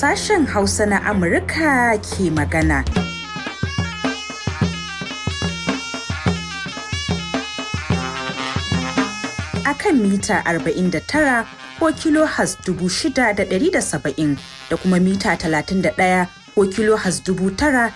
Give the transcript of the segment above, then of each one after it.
sashen Hausa na Amurka ke magana. A kan mita 49 ko kilo has shida da kuma mita 31 ko kilo has biyar,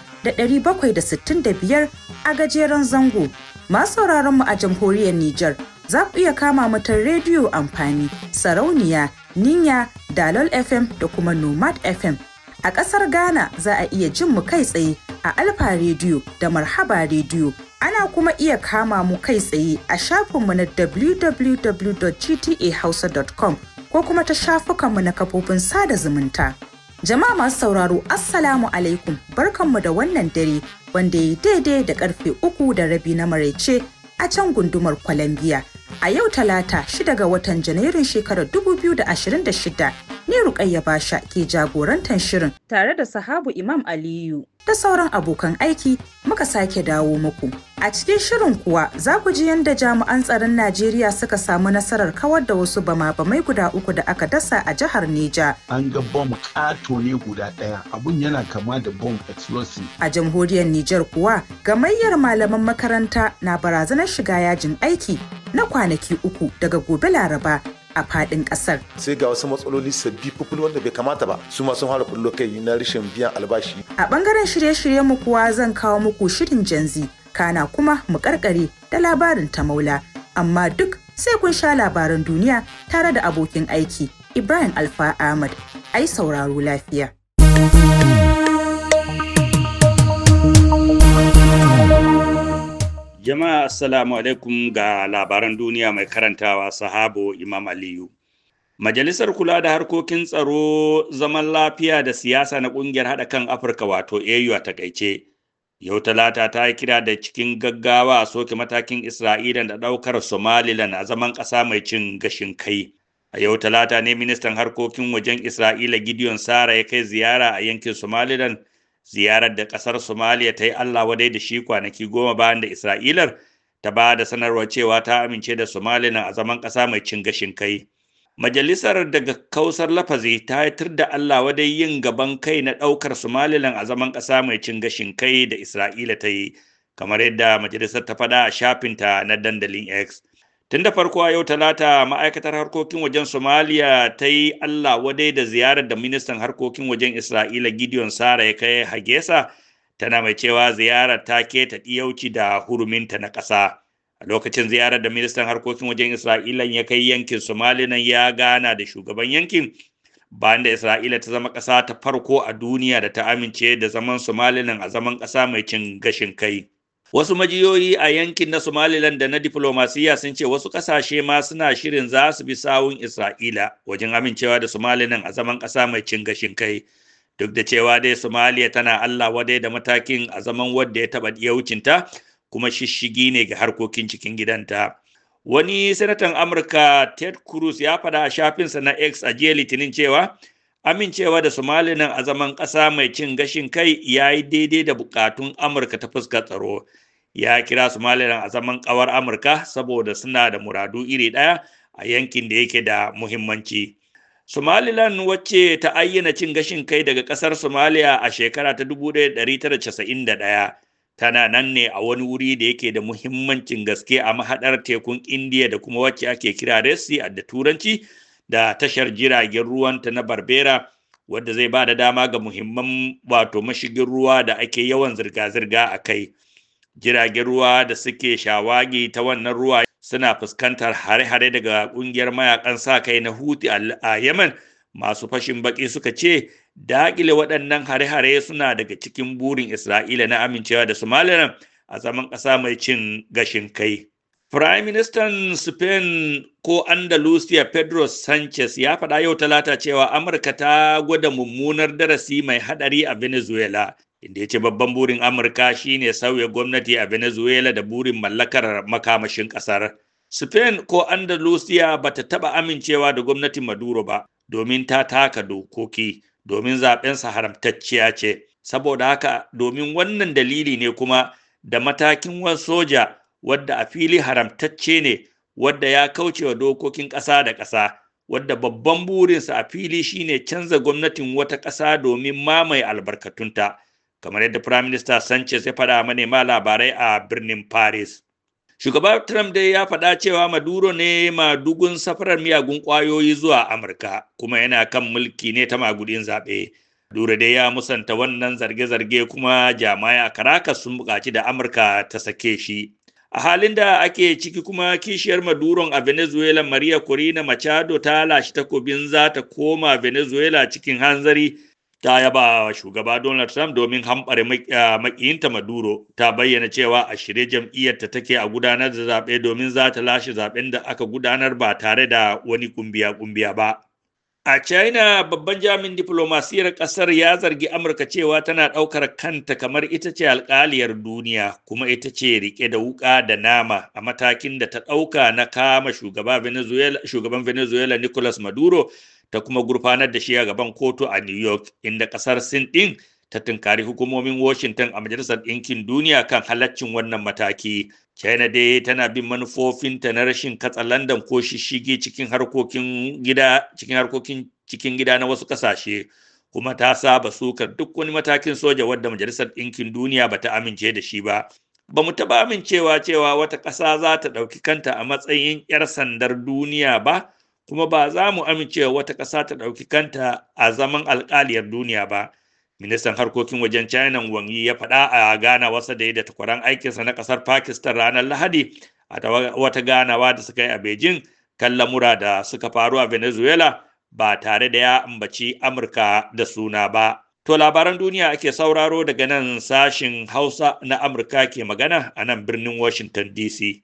a gajeren zango. Masu sauraron mu a jamhuriyar Nijar za ku iya kama mutan rediyo amfani, sarauniya, Ninya, Dalol FM da kuma Nomad FM. A ƙasar Ghana za a iya jin mu kai tsaye a Alfa Radio da Marhaba Radio. Ana kuma iya kama mu kai tsaye a shafinmu na www.gtahausa.com ko kuma ta shafukanmu na kafofin sada zumunta. Jama'a masu sauraro Assalamu alaikum barkanmu da wannan dare wanda ya yi daidai da karfe uku da rabi na maraice a can gundumar Colombia. A yau talata shida ga watan Janairun shekarar 2026 ne Rukayya Basha ke jagorantar shirin tare da sahabu Imam Aliyu. da sauran abokan aiki muka sake dawo muku. A cikin shirin kuwa za ku ji yadda jami'an tsaron Najeriya suka samu nasarar kawar da wasu bama-bamai guda uku da aka dasa a jihar Neja. An ga bom kato ne guda ɗaya abun yana kama da bom explosive. A jamhuriyar Nijar kuwa gamayyar malaman makaranta na barazanar shiga yajin aiki na kwanaki uku daga gobe Laraba a faɗin ƙasar. Sai ga wasu matsaloli sabbi fuful wanda bai kamata ba su ma sun fara kullo kai na rashin biyan albashi. A ɓangaren shirye-shiryen mu kuwa zan kawo muku shirin janzi kana kuma mu karkare da labarin ta maula amma duk sai kun sha labaran duniya tare da abokin aiki Ibrahim Alfa Ahmad ai sauraro lafiya. Jama'a Assalamu alaikum ga labaran duniya mai karantawa sahabo Imam Aliyu. Majalisar kula da harkokin tsaro zaman lafiya da siyasa na kungiyar haɗa kan Afirka wato AU a takaice. Yau talata ta yi kira da cikin gaggawa a soke matakin Isra'ila da ɗaukar Somaliland a zaman ƙasa mai cin gashin kai. A yau talata ne ministan harkokin wajen Isra'ila Gideon Sara ya kai ziyara a yankin Somaliland ziyarar da ƙasar Somalia ta yi allah wadai da shi kwanaki goma bayan da isra'ilar ta ba da sanarwar cewa ta amince da somaliya a zaman ƙasa mai cin gashin kai majalisar daga kausar lafazi ta haitar da allah wadai yin gaban kai na ɗaukar Somalia a zaman ƙasa mai cin gashin kai da isra'ila ta yi kamar yadda majalisar ta faɗa a shafinta na dandalin x tun da farko a yau talata ma'aikatar harkokin wajen Somalia ta yi allah wadai da ziyarar da ministan harkokin wajen isra'ila gideon sara ya kai hagesa tana mai cewa ziyarar ta ke ta ɗiyauci da huruminta na ƙasa a lokacin ziyarar da ministan harkokin wajen isra'ila ya kai yankin somalilan ya gana da shugaban yankin bayan da isra'ila ta zama ƙasa ta farko a duniya da ta amince da zaman somalilan a zaman ƙasa mai cin gashin kai Wasu majiyoyi a yankin na Somaliland da na diplomasiya sun ce wasu ƙasashe ma suna shirin za su bi sawun Isra'ila wajen amincewa da Somaliland a zaman ƙasa mai cin gashin kai. Duk da cewa dai Somalia tana Allah wadai da matakin a zaman wadda ya taɓa iya wucinta kuma shishigi ne ga harkokin cikin gidanta. Wani sanatan Amurka Ted Cruz ya faɗa a shafinsa na X a jiya Litinin cewa amincewa da Somaliland a zaman ƙasa mai cin gashin kai ya yi daidai da buƙatun Amurka ta fuska tsaro. ya kira somaliland a zaman kawar amurka saboda suna da muradu iri ɗaya a yankin da yake da muhimmanci somaliland wacce ta ayyana cin gashin kai daga ƙasar somaliya a shekara ta 1991 tana nan ne a wani wuri da yake da muhimmancin gaske a mahaɗar tekun indiya da kuma wacce ake kira resi a da turanci da tashar jiragen ruwanta na barbera wadda zai ba da dama ga muhimman wato mashigin ruwa da ake yawan zirga-zirga a kai jiragen ruwa da suke shawagi ta wannan ruwa suna fuskantar hare-hare daga kungiyar mayakan sa kai na huti a yemen masu fashin baki suka ce daƙile waɗannan hare-hare suna daga cikin burin isra'ila na amincewa da somaliland a zaman ƙasa mai cin gashin kai Prime Minister Spain ko Andalusia Pedro Sanchez ya faɗa yau talata cewa Amurka ta gwada mummunar darasi mai haɗari a Venezuela, inda ya ce babban burin Amurka shine sauya gwamnati a Venezuela da burin mallakar makamashin ƙasar. Spain ko Andalusia ba ta taɓa amincewa da gwamnatin Maduro ba, domin ta taka dokoki, domin zaɓensa haramtacciya ce. Saboda haka, domin wannan dalili ne kuma da matakin wani soja wadda a fili haramtacce ne wadda ya kauce wa dokokin ƙasa da ƙasa wadda babban burinsa a fili shine canza gwamnatin wata ƙasa domin mamaye albarkatunta kamar yadda prime minister sanchez ya faɗa manema labarai a birnin paris shugaba trump dai ya faɗa cewa maduro ne madugun safarar miyagun ƙwayoyi zuwa amurka kuma yana kan mulki ne ta magudin zaɓe Dura dai ya musanta wannan zarge-zarge kuma jama'a a sun buƙaci da Amurka ta sake shi. a halin da ake ciki kuma kishiyar maduron a venezuela maria corina machado ta lashe takobin za ta koma venezuela cikin hanzari ta yaba shugaba donald trump domin hambare makiyinta maduro ta bayyana cewa a shirye jam'iyyarta take a gudanar da zaɓe domin za ta lashe zaɓen da aka gudanar ba tare da wani kumbiya-kumbiya ba A China babban jami'in diflomasiyar ƙasar ya zargi Amurka cewa tana ɗaukar kanta kamar ita ce alƙaliyar duniya kuma ita ce rike da wuƙa da nama a matakin da ta ɗauka na kama shugaban Venezuela, Venezuela Nicolas Maduro ta kuma gurfanar da shi a gaban kotu a New York inda ƙasar Sin ɗin ta tunkari hukumomin Washington a Majalisar Ɗinkin Duniya kan halaccin wannan mataki. China dai tana bin manufofinta na rashin katsalandan ko shishige cikin harkokin gida cikin harkokin cikin gida na wasu ƙasashe. kuma ta saba sukar duk wani matakin soja wadda majalisar ɗinkin duniya ba ta amince da shi ba ba mu taɓa amincewa cewa wata ƙasa za ta ɗauki kanta a matsayin 'yar sandar duniya ba kuma ba za mu amincewa wata ƙasa ta ɗauki kanta a zaman alƙaliyar duniya ba ministan harkokin wajen china wang yi ya faɗa a wasa da ya da takwaran aikinsa na ƙasar pakistan ranar lahadi a wata ganawa da suka yi a beijing kan lamura da suka faru a venezuela ba tare da ya ambaci amurka da suna ba to labaran duniya ake sauraro daga nan sashin hausa na amurka ke magana a nan birnin washington dc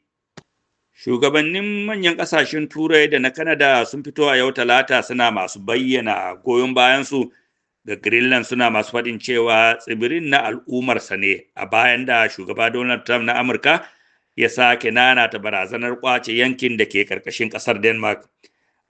Shugabannin manyan kasashen Turai da na Kanada sun fito a yau Talata suna masu bayyana goyon bayansu ga Greenland suna masu faɗin cewa tsibirin na al'ummarsa ne a bayan da shugaba Donald Trump na Amurka ya sake nanata barazanar kwace yankin da ke ƙarƙashin ƙasar Denmark.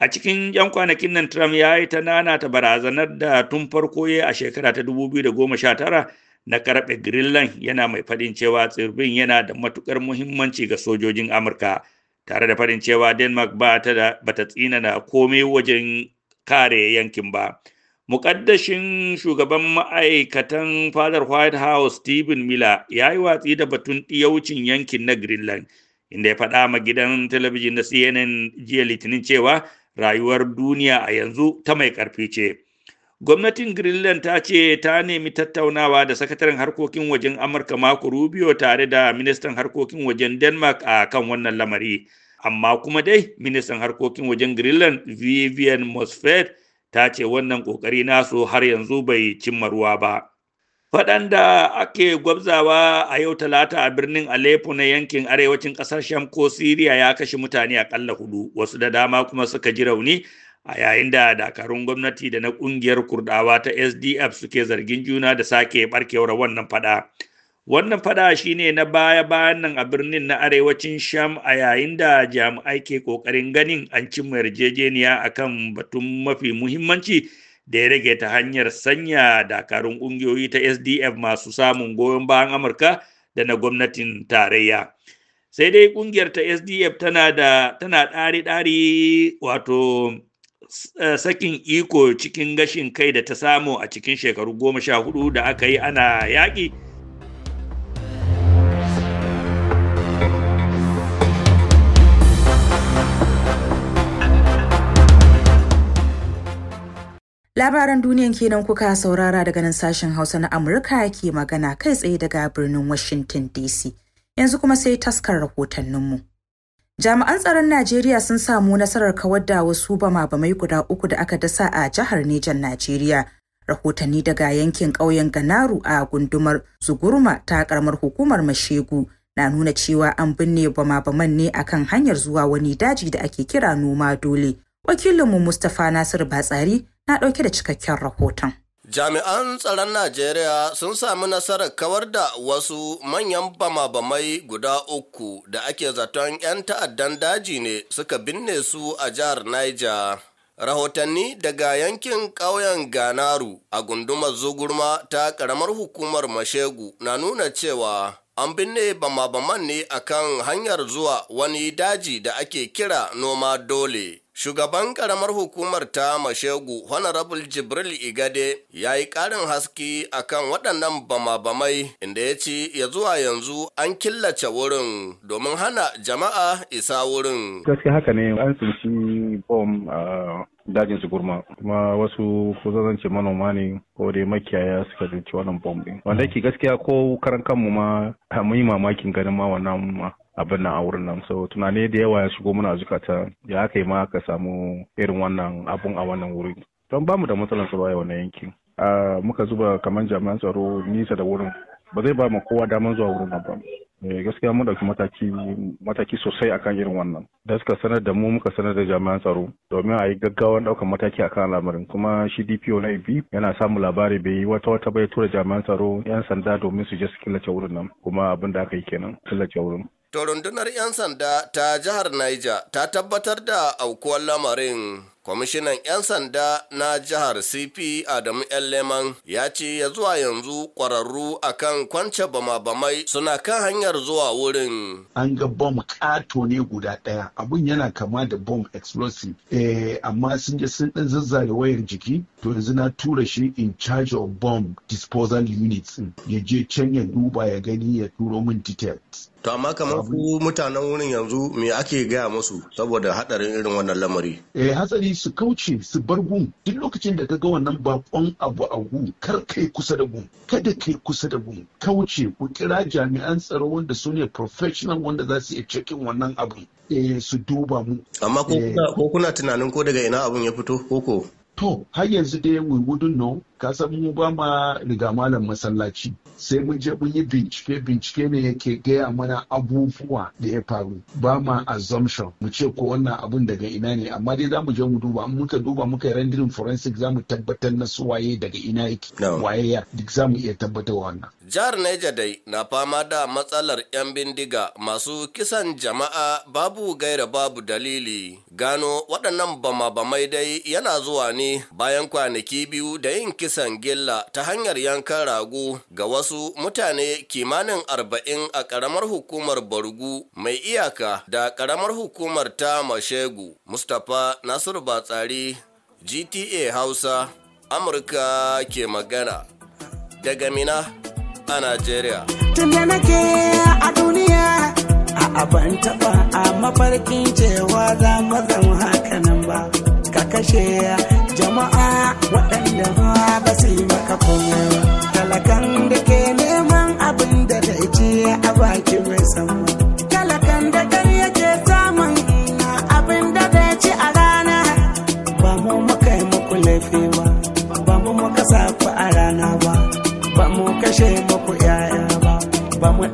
A cikin 'yan kwanakin nan Trump ya yi ta nanata barazanar da tun farko ya a shekara ta 2019 na karɓe Greenland yana mai faɗin cewa tsibirin yana da matuƙar muhimmanci ga sojojin Amurka. tare da faɗin cewa denmark ba ta da tsinana komai wajen kare yankin ba Mukaddashin shugaban ma'aikatan fadar White House Stephen Miller ya yi watsi da batun ɗiyaucin yankin na Greenland, inda ya faɗa ma gidan talabijin na CNN jiya Litinin cewa rayuwar duniya a yanzu ta mai ƙarfi ce. Gwamnatin Greenland ta ce ta nemi tattaunawa da sakataren harkokin wajen Amurka Mako Rubio tare da ministan harkokin wajen Denmark a kan wannan lamari. Amma kuma dai ministan harkokin wajen Greenland Vivian Mosfet ta ce wannan ƙoƙari nasu har yanzu bai cimma ruwa ba faɗan da ake gwabzawa a yau talata a birnin Aleppo na yankin arewacin ƙasar Sham ko Siriya ya kashe mutane aƙalla hudu wasu da dama kuma suka ji rauni a yayin da dakarun gwamnati da na ƙungiyar kurdawa ta SDF suke zargin juna da sake barkewar wannan faɗa wannan fada ne na baya-bayan nan a birnin na arewacin sham a yayin da jami'ai ke ƙoƙarin ganin an cimma yarjejeniya a kan batun mafi muhimmanci da ya rage ta hanyar sanya dakarun ƙungiyoyi ta sdf masu samun goyon bayan amurka da na gwamnatin tarayya sai dai ƙungiyar ta sdf tana da tana ɗari-ɗari wato eh, sakin iko cikin gashin kai da ta samu a cikin shekaru goma sha hudu da aka yi ana yaƙi Labaran duniyan kenan kuka saurara daga nan sashen Hausa na Amurka ke magana kai tsaye daga birnin Washington DC. Yanzu kuma sai taskar rahotanninmu. Jami'an tsaron Najeriya sun samu nasarar kawar da wasu bama-bamai guda uku da aka dasa a jihar Nejan Najeriya. Rahotanni daga yankin ƙauyen Ganaru a gundumar Zugurma ta karamar hukumar Mashegu na nuna cewa an binne bama-baman ne akan hanyar zuwa wani daji da ake kira noma dole. Wakilinmu Mustapha nasiru Batsari na ɗauke da cikakken rahoton. Jami'an tsaron Najeriya sun sami nasarar kawar da wasu manyan bama-bamai guda uku da ake zaton 'yan ta'addan daji ne suka binne su a jihar Niger. Rahotanni daga yankin ƙauyen Ganaru a gundumar Zugurma ta ƙaramar hukumar Mashegu na nuna cewa an binne bama-baman ne akan hanyar zuwa wani daji da ake kira noma dole. Shugaban karamar hukumar ta Mashegu, Honorable Jibril Igade, ya yi ƙarin haski a kan waɗannan bama-bamai inda ya ce ya zuwa yanzu an killace wurin domin hana jama'a isa wurin. Gaske haka ne an tsinci bom a dajin sigurma kuma wasu ko zan manoma ne ko dai makiyaya suka tsinci wannan bom ɗin. Wanda ke gaskiya ko karan kanmu ma mun yi mamakin ganin ma wannan abin nan a wurin nan so tunani da yawa ya shigo muna zukata ya aka yi ma ka samu irin wannan abun a wannan wuri don bamu da matsalar tsaro a wannan yankin muka zuba kamar jami'an tsaro nisa da wurin ba zai ba mu kowa daman zuwa wurin nan ba eh, gaskiya mun dauki mataki mataki sosai akan irin wannan da suka sanar da mu muka sanar da jami'an tsaro domin a yi gaggawan daukan mataki akan al'amarin kuma shi DPO na IB yana samun labari bai yi wata wata bai tura jami'an tsaro yan sanda domin su je su killace wurin nan kuma abin da aka yi kenan killace wurin To rundunar 'yan sanda ta jihar Niger ta tabbatar da aukuwar lamarin. Kwamishinan 'yan sanda na jihar CP Adamu Leman ya ce ya zuwa yanzu kwararru akan kwance bama-bamai suna kan hanyar zuwa wurin. An ga bom kato ne guda ɗaya abun yana kama da bom explosive eh, amma sun je sun ɗan zazzaga wayar jiki to yanzu na tura shi in charge of bomb disposal units ya je can ya duba ya gani ya turo min details. To amma kamar ku mutanen wurin yanzu me ake gaya musu saboda hadarin irin wannan lamari? Eh hatsari su kauce su bar gun duk lokacin da kaga wannan bakon abu a gun kar kai kusa da gun kada kai kusa da gun kauce ku kira jami'an tsaro wanda su ne professional wanda za su iya cikin wannan abu eh su duba mu. Amma eh. ko kuna tunanin ko daga ina abun ya fito ko ko? To, har yanzu dai we wouldn't know, ka san mu ba ma riga malam masallaci. Sai mun je mun yi bincike, bincike ne yake gaya mana abubuwa da ya faru. Ba ma assumption, mu ce ko wannan abun daga ina ne, amma dai za mu je mu duba, muka duba muka yi rendering forensic za mu tabbatar na su waye daga ina yake. Waye ya, duk za mu iya tabbatar wannan. Jihar Niger dai na fama da matsalar 'yan bindiga masu kisan jama'a babu gaira babu dalili. Gano waɗannan bama-bamai dai yana zuwa ne bayan kwanaki biyu da yin kisan gilla ta hanyar yankan rago ga wasu mutane kimanin arba'in a ƙaramar hukumar Bargu mai iyaka da ƙaramar hukumar ta Mashegu. Mustapha Nasiru Batsari, GTA Hausa, Amurka ke magana. Daga Mina a Najeriya. a duniya a ban taba a mafarkin cewa za mu zama hakanan ba ka kashe jama'a waɗanda ba ba su yi maka komai ba talakan da ke neman abin da ta ce a baki mai sama talakan da kan yake samun na abin da ta ci a rana ba mu maka yi muku laifi ba ba mu maka safa a rana ba ba mu kashe muku yaya ba ba mu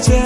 ce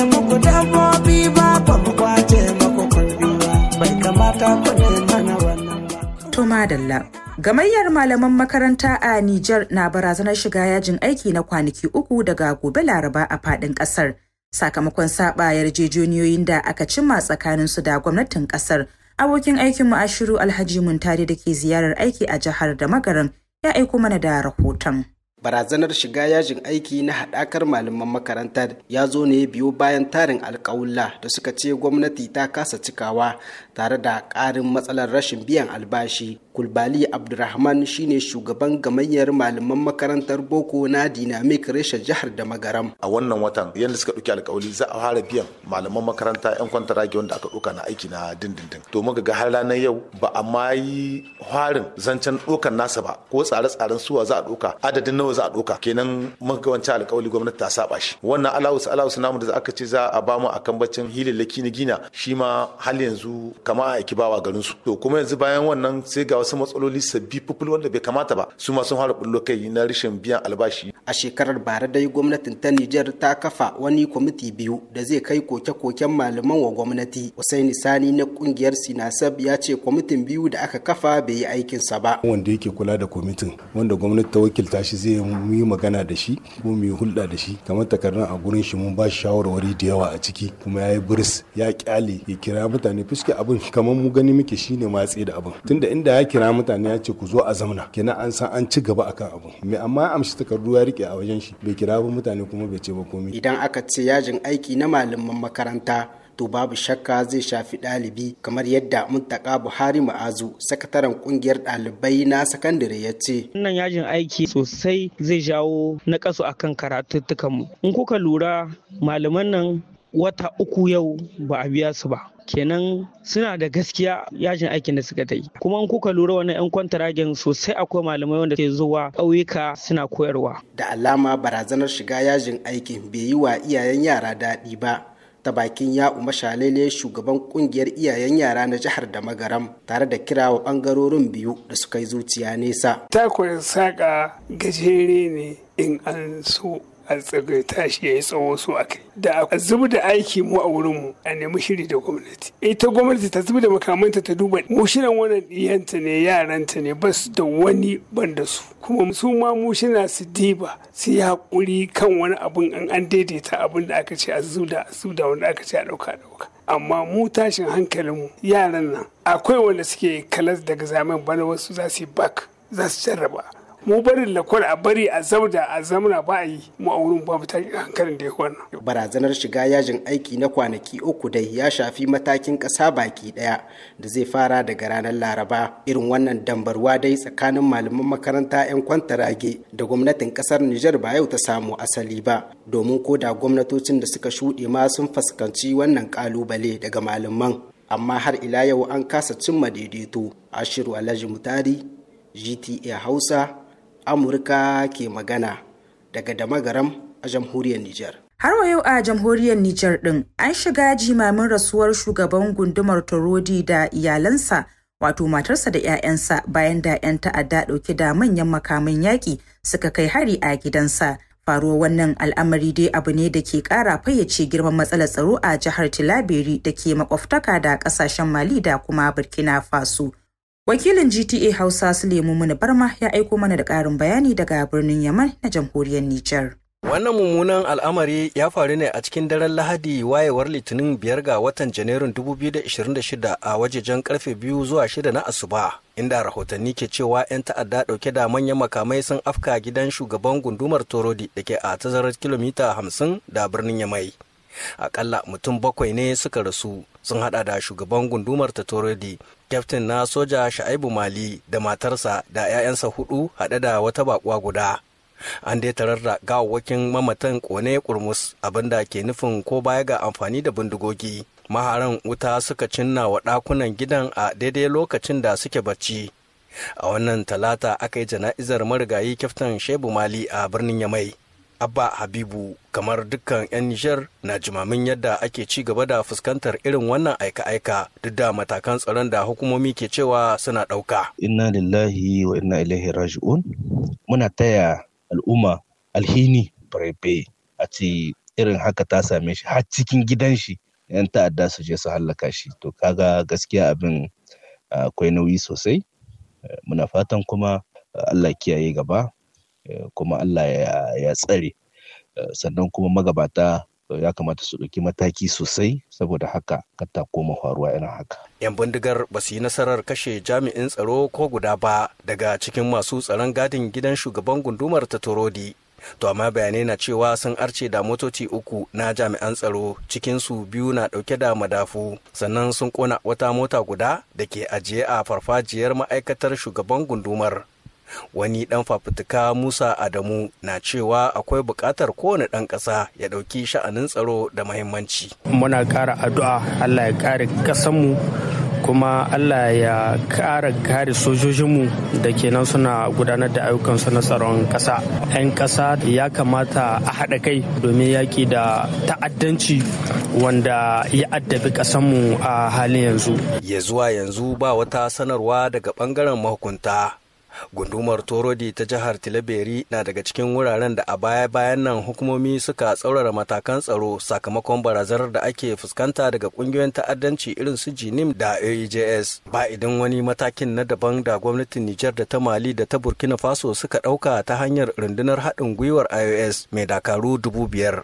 Gamayyar malaman makaranta a Nijar na barazanar shiga yajin aiki na kwanaki uku daga gobe Laraba a fadin kasar sakamakon saba yarjejeniyoyin da aka cimma tsakanin su da gwamnatin kasar. Abokin aikin mu Ashiru Alhaji Muntari da ke ziyarar aiki a jihar da magaran ya aiko mana da rahoton. barazanar shiga yajin aiki na haɗakar malaman makarantar ya zo ne biyo bayan tarin alƙawulla da suka ce gwamnati ta kasa cikawa tare da ƙarin matsalar rashin biyan albashi kulbali abdurrahman shine shugaban gamayyar malaman makarantar boko na dinamik reshen jihar da magaram a wannan watan yadda suka ɗauki alkawali za a fara biyan malaman makaranta yan rage wanda aka ɗauka na aiki na dindindin to muka ga har ranar yau ba a ma yi harin zancen ɗaukan nasa ba ko tsare-tsaren suwa za a ɗauka adadin nawa za a ɗauka kenan muka ga wancan alkawali gwamnati ta saba shi wannan alawus alawus namu da aka ce za a bamu akan bacin hilillaki na gina shi ma hal yanzu kama a aiki bawa garin su to kuma yanzu bayan wannan sai ga wasu matsaloli sabbi fuful wanda bai kamata ba su ma sun fara bullo kai na rashin biyan albashi a shekarar bara dai gwamnatin ta Nijar ta kafa wani kwamiti biyu da zai kai koke-koken malaman wa gwamnati Usaini Sani na kungiyar Sinasab ya ce kwamitin biyu da aka kafa bai yi aikinsa ba wanda yake kula da kwamitin wanda gwamnati ta wakilta shi zai yi magana da shi ko mu yi hulɗa da shi kamar takardar a gurin shi mun ba shi shawarwari da yawa a ciki kuma ya yi buris ya kyale ya kira mutane fuske abu. abin kamar mu gani muke shine matsi da abin tunda inda ya kira mutane ya ce ku zo a zamna kenan an san an ci gaba akan abin me amma amshi takardu ya rike a wajen shi bai kira ba mutane kuma bai ce ba komai idan aka ce yajin aiki na malaman makaranta to babu shakka zai shafi ɗalibi kamar yadda muntaka buhari ma'azu sakataren kungiyar ɗalibai na sakandare ya ce wannan yajin aiki sosai zai jawo na kasu akan karatuttukanmu in kuka lura malaman nan wata uku yau ba a biya su ba kenan suna da gaskiya yajin aikin da suka ta yi kuma in kuka lura wannan yan kwantaragen sosai akwai malamai wanda ke zuwa ƙauyuka suna koyarwa da alama barazanar shiga yajin aikin bai yi wa iyayen yara daɗi ba ta bakin ya shalele shugaban kungiyar iyayen yara na jihar da magaram tare da kira wa bangarorin biyu da suka yi zuciya nesa takwar saƙa gajere ne in an so a tsagai shi ya yi tsawo su a kai da a zubu da aiki mu a wurinmu a nemi shiri da gwamnati ita gwamnati ta zubu da makamanta ta duba mu shirin wannan ɗiyanta ne yaranta ne ba su da wani da su kuma su ma mu shina su diba su yi haƙuri kan wani abun an an daidaita abin da aka ce a zuda a zuda wanda aka ce a ɗauka ɗauka amma mu tashin hankalin mu. yaran nan akwai wanda suke kalas daga zamen bana wasu za su yi bak za su jarraba mu barin lakwal a bari a zabda a zamna ba a yi mu a wurin ba hankalin da ya wannan. barazanar shiga yajin aiki na kwanaki uku dai ya shafi matakin ƙasa baki ɗaya da zai fara daga ranar laraba irin wannan dambarwa dai tsakanin malaman makaranta 'yan kwantarage da gwamnatin ƙasar nijar ba yau ta samu asali ba domin ko da gwamnatocin da suka shuɗe ma sun fuskanci wannan ƙalubale daga malaman amma har ila yau an kasa cimma daidaito a ashiru alhaji mutari gta hausa amurka ke magana daga damagaram a jamhuriyar niger Har wa yau a jamhuriyar Nijar ɗin an shiga jimamin rasuwar shugaban gundumar Torodi da iyalansa wato matarsa da 'ya'yansa bayan da 'yan ta'adda ɗauki da manyan makaman yaƙi suka kai hari a gidansa. Faruwar wannan al'amari dai abu ne da ke ƙara fayyace girman matsalar tsaro a jihar Tilaberi da ke makwabtaka da ƙasashen Mali da kuma Burkina Faso. Wakilin GTA Hausa Sulemu Muni Barma ya aiko mana da ƙarin bayani daga birnin Yaman na jamhuriyar Nijar. Wannan mummunan al'amari ya faru ne a cikin daren Lahadi wayewar Litinin biyar ga watan Janairun 2026 a wajejen karfe biyu zuwa shida na Asuba. Inda rahotanni ke cewa 'yan ta'adda dauke da manyan makamai sun afka gidan shugaban gundumar Torodi da ke a tazarar kilomita hamsin da birnin Yamai. Akalla mutum bakwai ne suka rasu sun hada da shugaban gundumar ta Torodi kyaftin na soja sha'ibu mali da matarsa da 'ya'yansa hudu haɗe da wata bakuwa guda an dai tarar da gawawwakin mamatan kone kurmus abinda ke nufin ko baya ga amfani da bindigogi maharan wuta suka cinna wa ɗakunan gidan a daidai lokacin da suke bacci a wannan talata aka yi jana'izar marigayi kyaftin shebu mali a birnin yamai abba habibu kamar dukkan 'yan nijar na jimamin yadda ake ci gaba da fuskantar irin wannan aika-aika duk da matakan tsaron da hukumomi ke cewa suna ɗauka. inna lillahi wa inna ilaihi raji'un muna taya al'umma alhini farebe a ci irin haka ta same shi har cikin gidan shi 'yan ta'adda su je su hallaka shi to kaga gaskiya abin ah, akwai nauyi sosai eh, muna fatan kuma ah, Allah kiyaye gaba Eh, kuma Allah ya tsare eh, sannan kuma magabata eh, ya kamata su ɗauki mataki sosai saboda haka ta koma faruwa irin haka. 'Yan bindigar ba su yi nasarar kashe jami'in tsaro ko guda ba daga cikin masu tsaron gadin gidan shugaban gundumar ta Torodi. To amma bayanai na cewa sun arce da motoci uku na jami'an tsaro cikin su biyu na ɗauke da madafu sannan sun kona wata mota guda da ke ajiye a farfajiyar ma'aikatar shugaban gundumar. wani ɗan fafutuka musa adamu na cewa akwai buƙatar kowane ɗan ƙasa ya ɗauki sha'anin tsaro da mahimmanci muna ƙara addu'a allah ya ƙare ƙasanmu kuma allah ya ƙara kare sojojinmu da kenan suna gudanar da ayyukansu na tsaron ƙasa 'yan ƙasa ya kamata a haɗa kai domin yaƙi da ta'addanci wanda ya addabi ƙasanmu a halin yanzu ya zuwa yanzu ba wata sanarwa daga ɓangaren mahukunta Gundumar Torodi ta jihar Tilaberi na daga cikin wuraren da a baya-bayan nan hukumomi suka tsaurara matakan tsaro sakamakon barazanar da ake fuskanta daga kungiyoyin ta'addanci irin su Jinim da AEJS. Ba idan wani matakin na daban da gwamnatin Nijar da ta Mali da ta Burkina Faso suka ɗauka ta hanyar rundunar haɗin gwiwar IOS mai dakaru dubu biyar.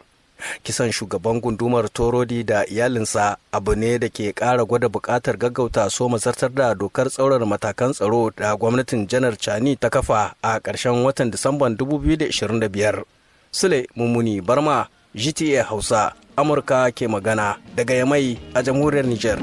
kisan shugaban gundumar torodi da iyalinsa abu ne da ke ƙara gwada buƙatar gaggauta so mazartar da dokar tsaurar matakan tsaro da gwamnatin janar Chani ta kafa a ƙarshen watan disamban 2025 sule mummuni barma gta hausa amurka ke magana daga yamai a jamhuriyar Nijar.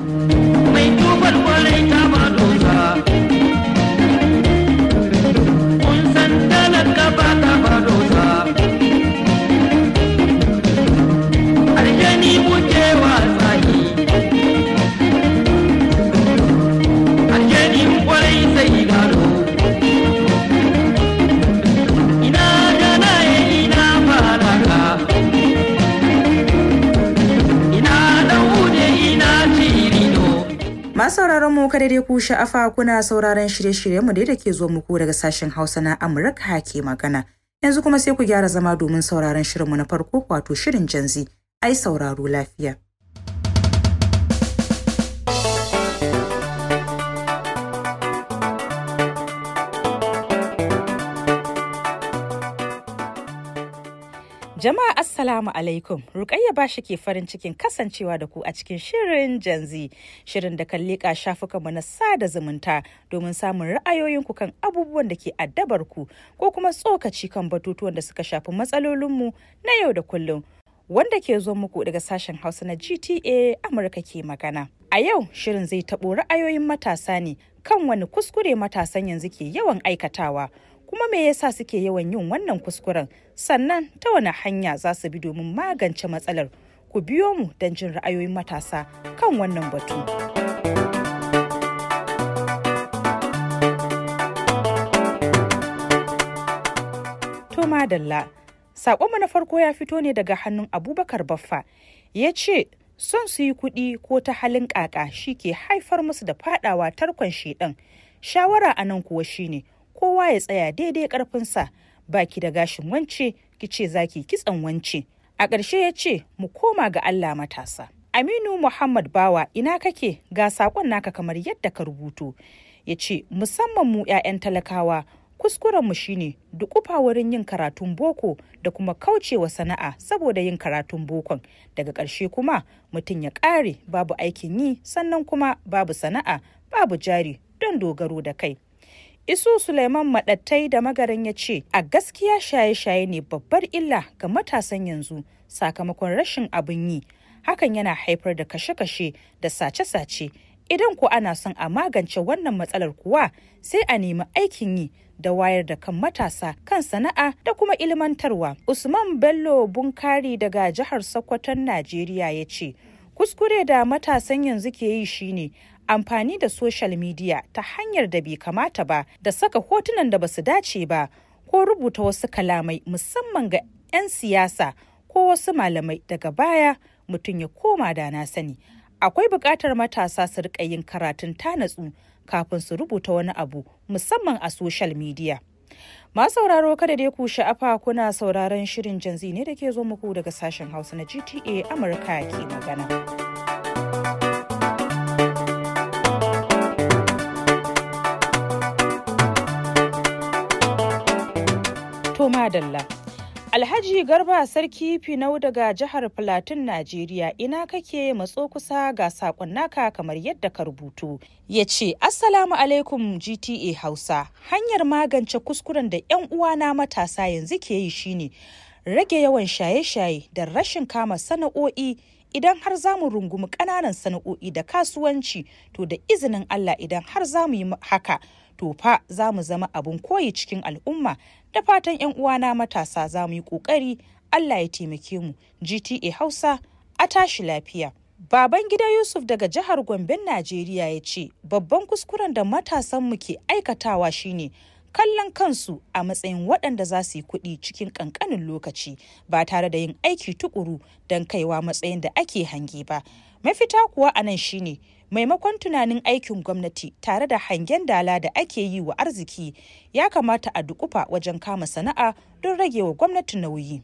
kuka daidai ku sha'afa kuna sauraron shirye mu da ke zuwa muku daga sashen Hausa na Amurka ke magana. Yanzu kuma sai ku gyara zama domin sauraron shirinmu na farko wato shirin janzi. Ai sauraro lafiya. Jama'a Assalamu alaikum Rukayya Ba Bashi ke farin cikin kasancewa da ku a cikin shirin Janzi shirin da kan leƙa shafukanmu na sada zumunta domin samun ra'ayoyinku kan abubuwan da ke addabar ku ko kuma tsokaci kan batutuwan da suka shafi matsalolinmu na yau da kullum wanda ke zo muku daga sashen Hausa na GTA Amurka ke magana. A yau shirin zai taɓo ra'ayoyin matasa ne kan wani kuskure matasan yanzu ke yawan aikatawa kuma me yasa suke yawan yin wannan kuskuren sannan ta wani hanya za su bi domin magance matsalar ku biyo mu don jin ra'ayoyin matasa kan wannan batu. madalla, Dalla Saƙonmu na farko ya fito ne daga hannun Abubakar Baffa ya ce son su yi kuɗi ko ta halin ƙaƙa shi ke haifar musu da faɗawa tarkon shiɗan. Shawara a nan kuwa shine ne kowa ya tsaya daidai karfinsa baki da gashin wance ki ce zaki kitsan wance a ƙarshe ya ce mu koma ga Allah matasa Aminu Muhammad Bawa ina kake ga saƙon naka kamar yadda ka rubutu? ya ce musamman mu 'ya'yan talakawa kuskuren mu shine dukufa wurin yin karatun boko da kuma kaucewa sana'a saboda yin karatun bokon daga ƙarshe kuma mutum ya ƙare babu aikin yi sannan kuma babu sana'a babu jari don dogaro da kai Isu Suleiman Maɗattai da Magaran ya ce, a gaskiya shaye-shaye ne babbar illa ga matasan yanzu sakamakon rashin abin yi. Hakan yana haifar da kashe-kashe da sace-sace. Idan ko ana son a magance wannan matsalar kuwa sai a nemi aikin yi da wayar da kan matasa kan sana'a da kuma ilmantarwa. Usman Bello Bunkari daga jihar Sokoton Najeriya ya ce, kuskure da matasan yanzu ke yi shine amfani da social media ta hanyar da bai kamata ba da saka hotunan da basu dace ba ko rubuta wasu kalamai musamman ga 'yan siyasa ko wasu malamai daga baya mutum ya koma da na sani akwai buƙatar matasa su rika yin karatun tanatsu kafin su rubuta wani abu musamman a social media masu sauraro kada dai ku sha'afa kuna sauraron shirin janzi ne da ke zo muku daga sashen hausa na gta amurka ke magana. madalla. Alhaji Garba Sarki Finau daga jihar Filatin Najeriya ina kake matso kusa ga sakon naka kamar yadda ka rubutu. Ya ce, Assalamu alaikum GTA Hausa, hanyar magance kuskuren da 'yan uwana matasa yanzu ke yi shine rage yawan shaye-shaye da rashin kama sana'o'i idan har za mu rungumi ƙananan sana'o'i da kasuwanci to da izinin Allah idan har za mu yi haka to fa za mu zama abin koyi cikin al'umma da fatan 'yan uwana matasa za mu yi ƙoƙari Allah ya taimake mu GTA Hausa a tashi lafiya. Baban gida Yusuf daga jihar Gomben Najeriya ya ce babban kuskuren da matasan mu ke aikatawa shine kallon kansu a matsayin waɗanda za su yi kuɗi cikin ƙanƙanin lokaci ba tare da yin aiki tukuru don kaiwa matsayin da ake hange ba. Mafita kuwa a nan shine maimakon tunanin aikin gwamnati tare da hangen dala da ake yi wa arziki ya kamata a dukufa wajen kama sana'a don rage wa gwamnati nauyi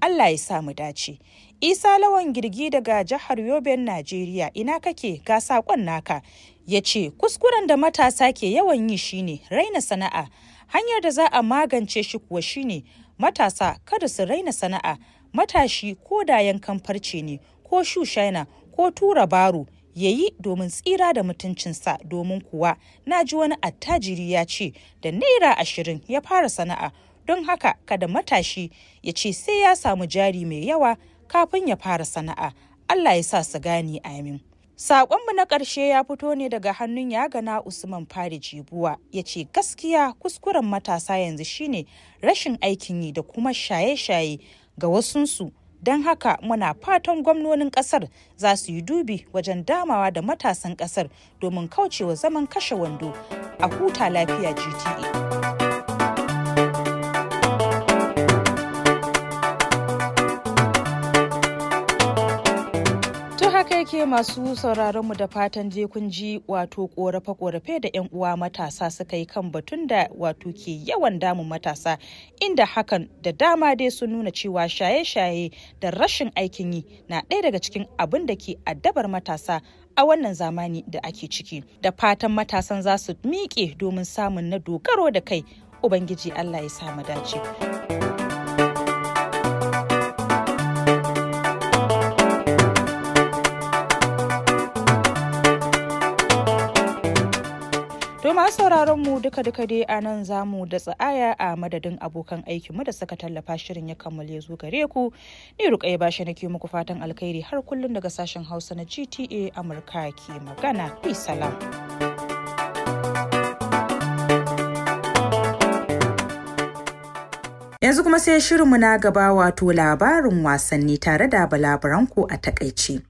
allah ya samu dace isa lawan girgi daga jihar yobin najeriya ina kake ga saƙon naka ya ce kuskuren da matasa ke yawan yi shine raina sana'a hanyar da za a magance shi kuwa shine matasa kada su raina sana'a matashi ko da yankan farce ne ko shushaina ko tura baro ya yi domin tsira da mutuncinsa domin kuwa na ji wani attajiri ya ce da naira ashirin ya fara sana'a don haka kada matashi ya ce sai ya samu jari mai yawa kafin ya fara sana'a Allah ya sa su gani amin. Saƙonmu na ƙarshe ya fito ne daga hannun ya gana Usman Fari Jibuwa ya ce gaskiya kuskuren matasa yanzu shine rashin aikin yi da kuma shaye-shaye ga wasunsu don haka muna fatan gwamnonin kasar za su yi dubi wajen damawa da matasan kasar domin kaucewa zaman kashe wando a huta lafiya gta sake masu sauraronmu da fatan je kun ji wato korafe-korafe da 'yan uwa matasa suka yi kan batun da wato ke yawan damun matasa inda hakan da dama dai sun nuna cewa shaye-shaye da rashin aikin yi na ɗaya daga cikin abin da ke addabar matasa a wannan zamani da ake ciki da fatan matasan za su miƙe domin samun na dogaro da kai ubangiji allah ya samu dace. ma sauraron mu duka duka dai a nan za mu da tsa'aya a madadin abokan aikinmu da suka tallafa shirin ya kammala ya zo gare ku ni ya bashi ke muku fatan alkhairi har kullum daga sashen Hausa na GTA Amurka ke magana. Salam. Yanzu kuma sai shirinmu na gaba wato labarin wasanni tare da balaburanku a takaici.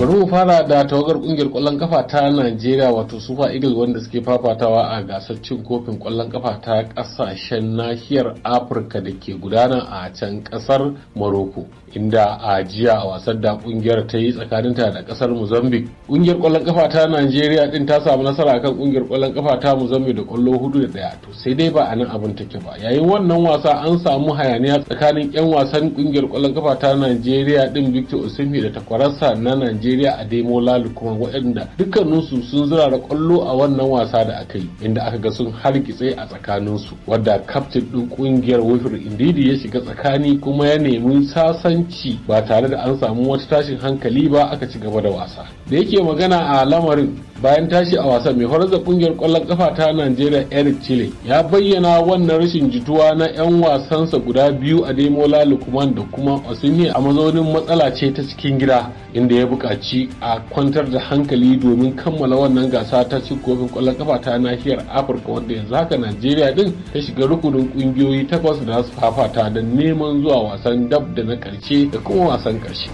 bari mu fara da tawagar kungiyar kwallon kafa ta najeriya wato sufa eagle wanda suke fafatawa a gasar cin kofin kwallon kafa ta kasashen nahiyar afirka da ke gudana a can kasar morocco inda a jiya a wasar da kungiyar ta yi tsakaninta da kasar mozambique kungiyar kwallon kafa ta najeriya din ta samu nasara akan kungiyar kwallon kafa ta mozambique da kwallo hudu da daya to sai dai ba a nan abin take ba yayin wannan wasa an samu hayaniya tsakanin yan wasan kungiyar kwallon kafa ta najeriya din victor osimhen da takwararsa na najeriya Najeriya a Demo Lalu kuma waɗanda dukkaninsu sun zurara kwallo a wannan wasa da aka yi inda aka ga sun hargitse a tsakaninsu wadda kaftin ɗin ƙungiyar Wifir Indidi ya shiga tsakani kuma ya nemi sasanci ba tare da an samu wata tashin hankali ba aka ci gaba da wasa. Da yake magana a lamarin bayan tashi a wasan mai horar da kungiyar kwallon kafa ta Najeriya Eric Chile ya bayyana wannan rashin jituwa na 'yan wasansa guda biyu a Demola Lukman da kuma Osimhen a mazaunin matsala ce ta cikin gida inda ya buƙaci a ci a kwantar da hankali domin kammala wannan gasa ta cin kofin kwallon kafa ta nahiyar afirka wanda yanzu haka najeriya din ta shiga rukunin kungiyoyi takwas da su fafata da neman zuwa wasan dab da na karshe da kuma wasan karshe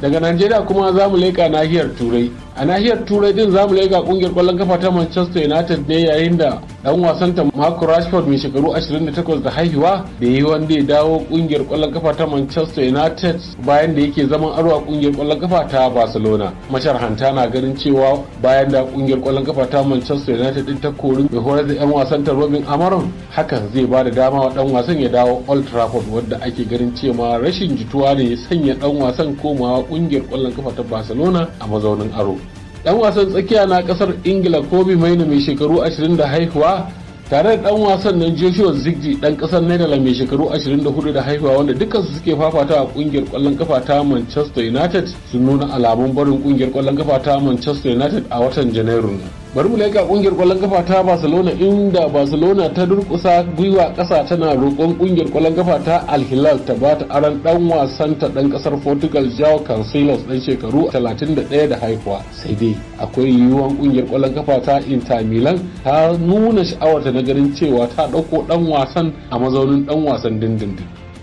daga najeriya kuma za mu leƙa nahiyar turai a nahiyar turai din zamu ga kungiyar kwallon kafa ta manchester united ne yayin da dan wasan ta marco rashford mai shekaru 28 da haihuwa da yi wanda ya dawo kungiyar kwallon kafa ta manchester united bayan da yake zaman aro a kungiyar kwallon kafa ta barcelona masharhanta na ganin cewa bayan da kungiyar kwallon kafa ta manchester united din ta kori mai horar da yan wasan ta robin amaron hakan zai ba da dama wa dan wasan ya dawo old trafford wadda ake ganin cewa rashin jituwa ne ya sanya dan wasan komawa kungiyar kwallon kafa ta barcelona a mazaunin aro dan wasan tsakiya na kasar ingila kobe maina mai shekaru 20 da haihuwa tare da dan wasan nan joshua ziggy dan kasar netherlands mai shekaru 24 da haihuwa wanda dukansu suke fafata a kungiyar kwallon kafa ta manchester united sun nuna alamun barin kungiyar kwallon kafa ta manchester united a watan janairu bari mu leka kungiyar kwallon kafa ta barcelona inda barcelona ta durkusa gwiwa kasa tana roƙon kungiyar kwallon kafa ta alhilal ta ba ta aran dan wasan ta dan kasar portugal joao cancelos dan shekaru 31 da haihuwa sai dai akwai yiwuwar kungiyar kwallon kafa ta inter milan ta nuna sha'awarta na garin cewa ta dauko dan wasan a mazaunin dan wasan dindindin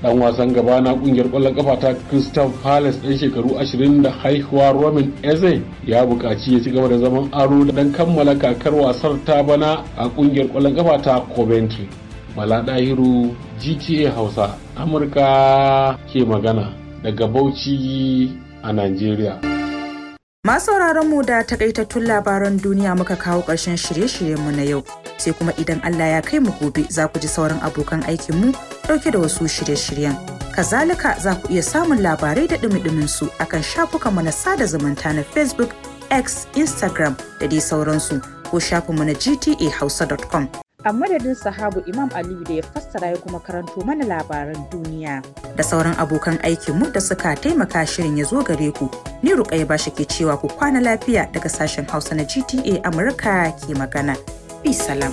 dan wasan gaba na kungiyar kwallon kafa ta crystal palace dan shekaru 20 da haihuwa Roman eze ya buƙaci ya ci gaba da zaman aro dan kammala kakar wasar ta bana a kungiyar kwallon kafa ta coventry bala dahiru gta hausa amurka ke magana daga bauchi a nigeria Masu mu da takaitattun labaran duniya muka kawo ƙarshen shirye-shiryenmu na yau, sai kuma idan Allah ya kai mu gobe za ku ji sauran abokan aikinmu ɗauke da wasu shirye-shiryen. Kazalika za ku iya samun labarai da ɗumi su akan shafukanmu na sada zumunta na Facebook, X, Instagram da dai sauransu ko shafin shafinmu na gtahausa.com. a madadin sahabu Imam Aliyu da ya fassara ya kuma karanto mana labaran duniya. Da sauran abokan aikinmu da suka taimaka shirin ya zo gare ku, ni Ruƙayya ba shi ke cewa ku kwana lafiya daga sashen Hausa na GTA Amurka ke magana. Bi salam.